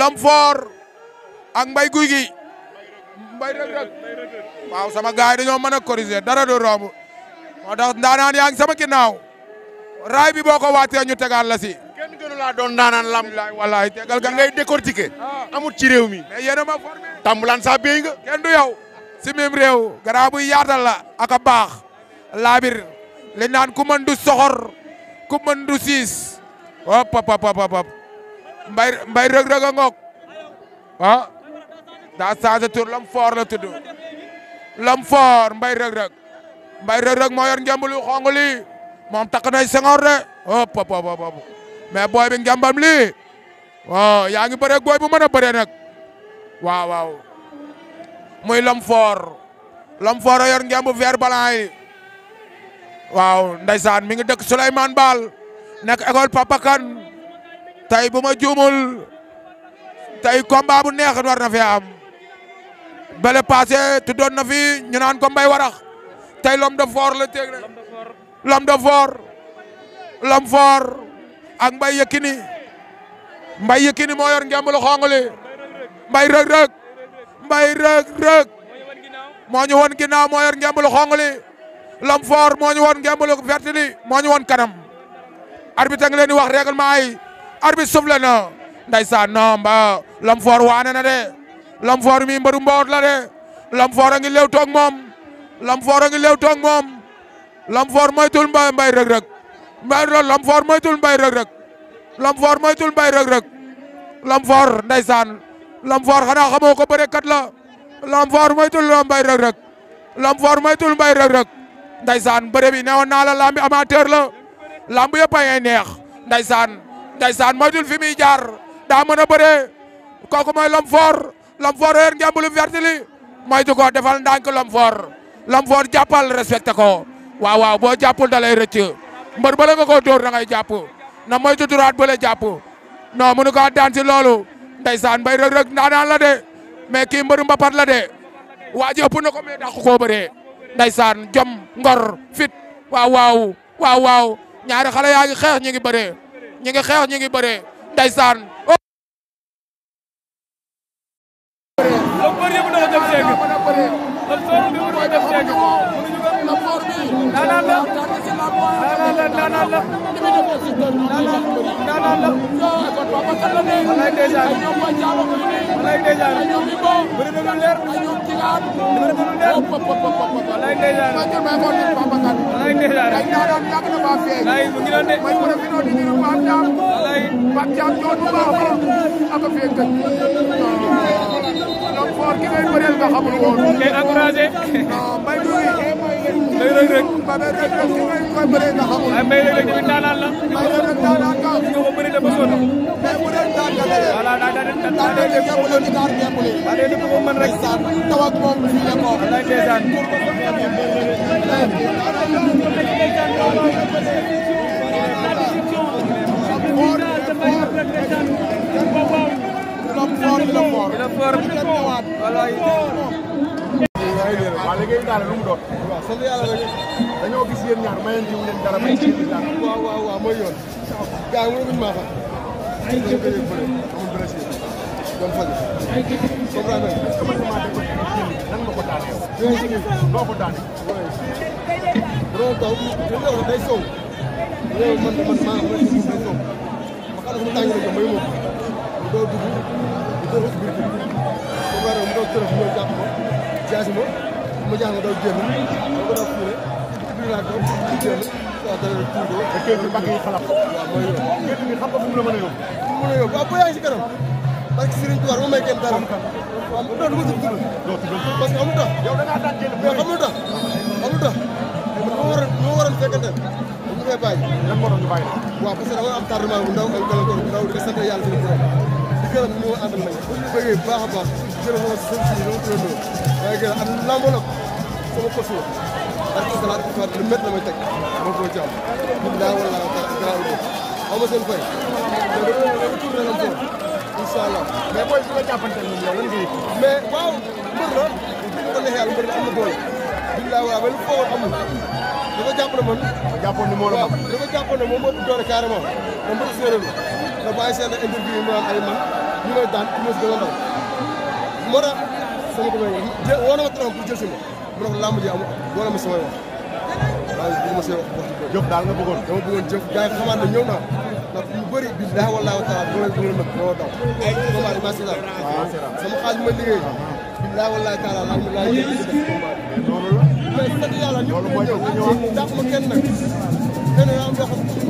l'homme fort ak mbay guy gi mbay rek rek sama gaay dañoo mën a corriger dara du romb moo tax ndaanaan yaa ngi sama ginnaaw raay bi boo ko waatee ñu tegaat la si. kenn gënu ah. ci réew mi. mais yéen a ma formé. tambulaan kenn du yow. si même réew. yaatal la ak baax. laabir li naan ku mën soxor ku mën siis hop hop mbay mbay rëg-rëg a ngoog ah daa changé tur lam foor la tudd lam foor mbay rëg-rëg mbay rëg-rëg moo yor njëmb lu xong lii moom de hop hop hop mais booy bi njëmbam oh, yaa ngi bëree booy bu mën a bëree nag waaw waaw muy lam mi ngi dëkk Baal nekk école Papa tey bu ma juumul tey combat bu neex war na fi am bale passé tuddoon na fi ñu naan ko mbay warax tey l'homme de fort la teg rek l'homme de fort l'homme ak mbay yëkkini mbay yëkkini moo yor ngemb lu xonq mbay rëg rëg mbay rëg rëg moo ñu woon ginnaaw moo yor ngemb lu xonq li moo ñu woon ngemb lu moo ñu woon kanam arbitre ngi wax règlement yi arbitre soufflé na ndeysaan non mba Lom Fort waane na de Lom Fort mi mbaru mboot la de Lom Fort a ngi lew toog moom Lom Fort a ngi lew toog moom Lom Fort moytul mbay mbay rëg rëg mbay Lom Fort moytul mbay rëg rëg Lom Fort moytul mbay Lom Fort ndeysaan Lom Fort xanaa xamoo ko bëre kat la Lom Fort moytul mbay rëg rëg Lom mooy moytul mbay rëg rëg ndeysaan bëre bi newoon naa la lambi amateur la lamb yëpp a ngi neex ndeysaan ndeysaan moytul fi jaar daa mën a bëree kooku mooy l'homme fort l'homme moytu ko defal ndànk l'homme fort l'homme fort jàppal ko waaw waaw boo jàppul da lay mbër bala nga koo dóor da na moytu droite ba la jàpp non mënu ko daan si loolu mbay rëg rëg ndaanaan la de mais kii mbëru mbapat la de waa ji ëpp na ko mais dàqu koo jom ngor fit waaw waaw waaw waaw ñaari xale yaa ngi xeex ñu ngi bëree ñi ngi xeex ñi ngi bëree ndeysaan la oh. Dakar. pop pop pop pop pop. lay ndeysaan ma jël may xool nit Papa Kane. lay ndeysaan ay ndaanaan yàgg na maa fee. lay mu ngi doon de. may mën a finoo di nuyu Pape Thiam. lay Pape Thiam ñoo du baax a ak a fee gëj. donc fort ki ngay bëreel nga xamul woon. ngay encouragé. non may may rek rek may bëree nga xamul ay may rek rek tamit daanaan la may rek rek daanaan nga ñu ko bëri dafa sonn mais mu doon daan ka dee voilà daa daa daa daa daa daa mu doon daan ngembul yi daa daa ko mën rek saan taw ak moom fii la ko lay ndeysaan Fort, le fort. Le fort. Voilà, il est fort. waaw liggéey daal lu mu doon. waaw sant yàlla rek dañoo gis yéen ñaar mayeen jiw leen dara may ci daal. waaw waaw waaw mooy yoon. gars yi mënaguñ maa xam. ay jëf bële bële amul blessé doon faj. ay jëf comprendre nga. est-ce que man maa déggoon nan nga ko daane yow. noo ko daane. loolu taw day sow. loolu man man maa ngi lay sow day sow. ma xam ne fu mu tàngee rek may moom. doo dugg di doo ko ci biir kër bu ko waral mu doon tërëf ñëw jàpp ko jaasi ma mu jaaxle ma doo génn doo ko doon fuure ci biir laa ko ci génn waaw dara rek tuur ko. te kër gi mbàkk yi xalaat ko. waaw mooy yow kër gi xam nga fu mu la mën a yóbbu. fu mu la yóbbu waaw boo yaa ngi si kanam parce que Serigne Touba may kenn dara. waaw mu doon lu ko tudd. parce que amul tax. yow da ngaa daan jël bu amul tax amul tax ñoo waroon ñoo waroon fekkante bu ñu koy bàyyi. lan moo doon ñu bàyyi. waaw parce que dama am tardement bu ndaw ak gàllankoor bu ndaw di ko sant yàlla suñu borom gërëm ñu ngi àndal nañu bu bëggee baax a baax gërëm ma seen kii dama koy doon waaye gërëm am lambo nag sama kos la ak salaat bi a lu métti la may teg moo koy jàmm daa wala garaaw bi xaw ma seen fay mais dañu dañu tourné la boor incha allah mais booy bi nga jàppante ne yow lan ngay mais waaw mbër la bu ko neexee yàlla mbër la am na doole billaay wala benn foofu amul dafa jàpp ne man jàppoon ni moo la mag dafa jàppoon ne moom moo doole te bàyyi seen interview yi mu naan ay man ñu may daan ku ma si gën a ndaw moo tax sama ko may jë woo na ma trop pour jël si ma ma samay wax waaw bu ma see wax jëf daal nga bëggoon dama bëggoon jëf gars yi xamaat ne naa ndax ñu bëri billaahi wallaahi taala dama leen dama leen daw ay combat yi sama xaalis ma liggéey billaahi wallaahi taala laa laa jël ci combat bi loolu la mais sant yàlla ñëpp ñëw dàq ma